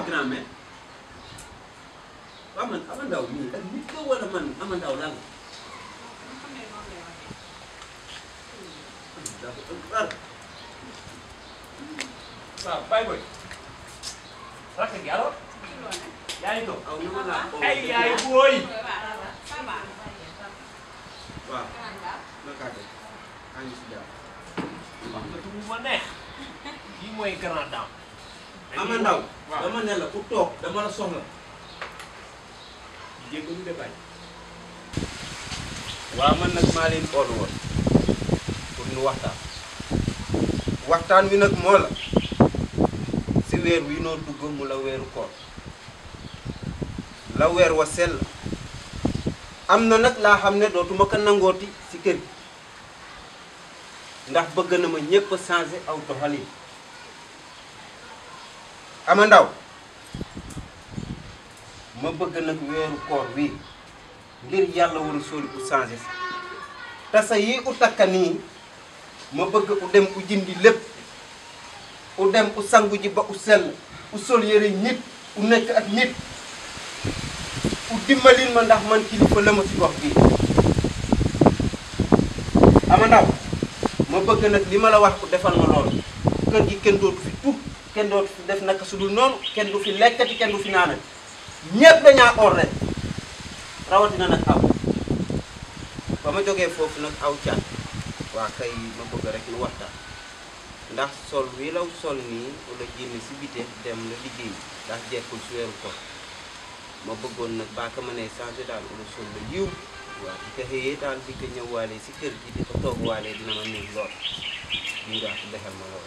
kana me aman aman daw ni kan nit ko wala man aman daw lang Nah, vui. ama ndaw dama ne la ku toog dama la soxla jéggalu de bañ waaw man nag maa leen oolu woon pour ñu waxtaan waxtaan wi nag moo la si weer wi noo dugg mu la weeru koor la weer wa sell am na nag laa ko kër ndax bëgg na ma ama ndaw ma bëgg nag weeru koor wi ngir yàlla war a sóoli ku changé si te sa yi u takka nii ma bëgg u dem u lépp u dem u sangu ji ba u sell u sol yëre nit u nekk ak nit u dimbalin ma ndax man kilifa la ma si gox bii ama ma bëgg nag li ma la wax ku defal ma lool kër gi kenn dootu fi tuub Kendu do def nak sudul non, ken du fi lekati ken du fi naanati ñëpp dañaa or rek rawatina nak aw ba ma jógee foofu nag aw ci wa kay ma bëgg rek lu waxta ndax sol wi law sol ni wala jinn ci bité dem la liggéey ndax jekkul si wéru ko ma bëggon nak baa ka ma ne wala sol la yiw wa di ko dal di ko ñëw kër gi di ko tok walé dina ma ñu lool defal ma lool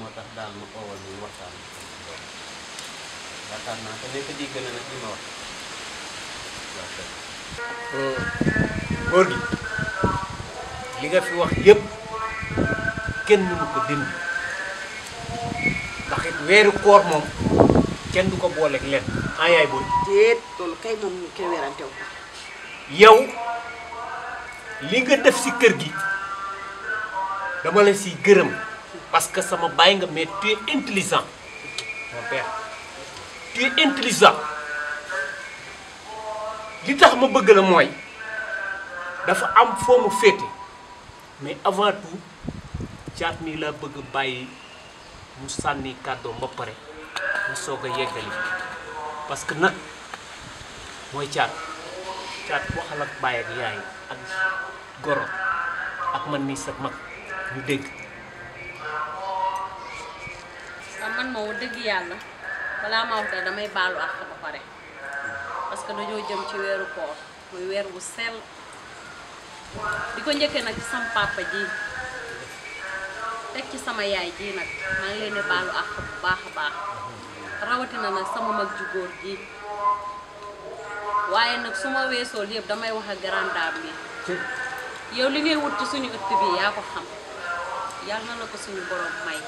motax tax daal ma owal oh, ni waxtan yaakaar na te nek di gëna nak nag li ma wax góor gi li nga fi wax yépp kenn mënu ko dind ndax it wéru koor mom kenn du ko booleeg lenn ah yaay booy déet tol kay mom ñu kenn weerante wu yow li nga def ci kër gi dama la ci gëreum parce que sama bàyyi nga mais tu es intelligent mon père tu es intelligent li tax ma bëgg la mooy dafa am foo ma féete mais avant tout caat mii laa bëgg bàyyi mu sànni kàddoom ba pare mu soog a yeggali parce que nag mooy caat caat waxal ak bàyyi ak yaay ak goro ak man nii sa mag ñu dégg ma wax dëgg yàlla balaa ma wax damay baalu àq ba pare parce que dañoo jëm ci weeru koor muy weer wu sel di ko njëkkee nag ci sama papa ji teg ci sama yaay ji nag maa ngi leen di baalu àq bu baax a baax rawatina nag sama mag ju góor ji waaye nag su ma weesoo yëpp damay wax ak grande dame bi yow li ngay wut ci suñu ëtt bi yaa ko xam yàlla na la ko suñu borom may.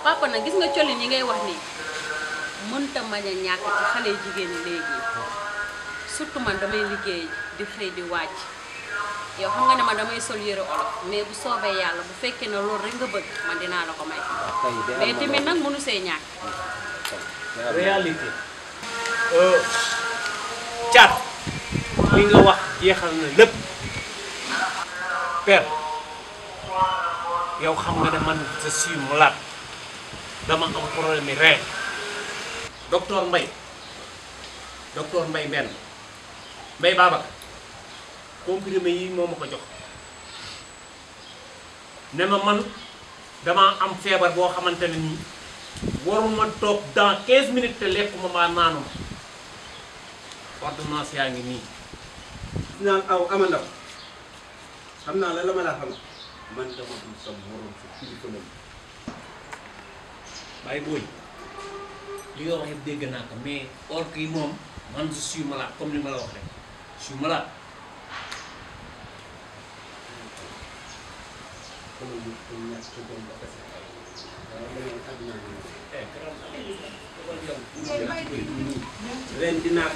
papa nag gis nga colin yi ngay wax ni mënta mañ a ñàkk ci xalé jigéen légui surtout man damay liggéey di xey di wacc yow xam nga ne man damay sol yéro olof mais bu soobee yalla bu féké na lool rek nga bëgg man dina la ko may mais tamit nak mënu sé ñak réalité euh car li nga wax jéxal na lepp père yow xam nga ne man je simulate dama am problème mi ree docteur Mbaye docteur Mbaye benn Mbaye Babacar comprimé yi moo ma ko jox ne ma man damaa am feebar boo xamante ne nii waruma toog dans 15 minutes te lekkuma maa naanuma ordonnance yaa ngi nii. naan aw ama ndaw xam naa la la ma laa xam man dama dul sa morom sa kilifa la bàyyi booy li nga wax yëpp dégg naa ko mais orque yi moom man je suis malade comme ni ma la wax rek je suis malade. ren dinaa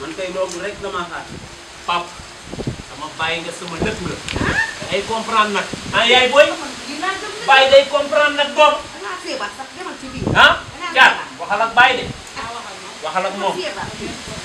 man kay loolu rek dama xaar pap sama bàyyi nga sama dëkk la ay comprendre nag ah yaay booy bàyyi day comprendre nag bopp ba Ya, demal ci biir